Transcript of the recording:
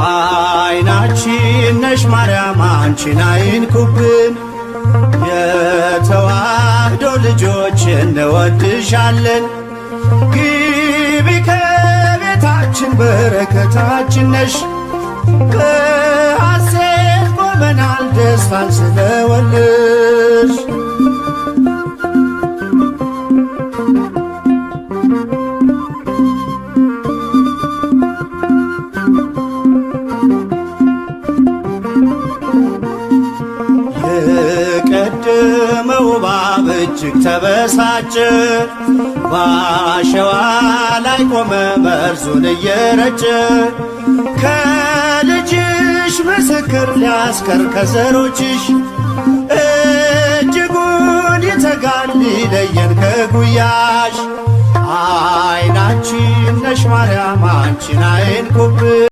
አይናችን ነሽ ማርያም አንቺን አይንኩብን የተዋህዶ ልጆች እንወድሻለን። ግቢ ከቤታችን በረከታችን ነሽ በሐሴት ቆመናል ደስታን ስለወለሽ። እጅግ ተበሳጨ። በአሸዋ ላይ ቆመ መርዙን እየረጨ ከልጅሽ ምስክር ሊያስቀር ከዘሮችሽ እጅጉን ይተጋል ሊለየን ከጉያሽ አይናችን ነሽ ማርያም አንቺን አይንኩብ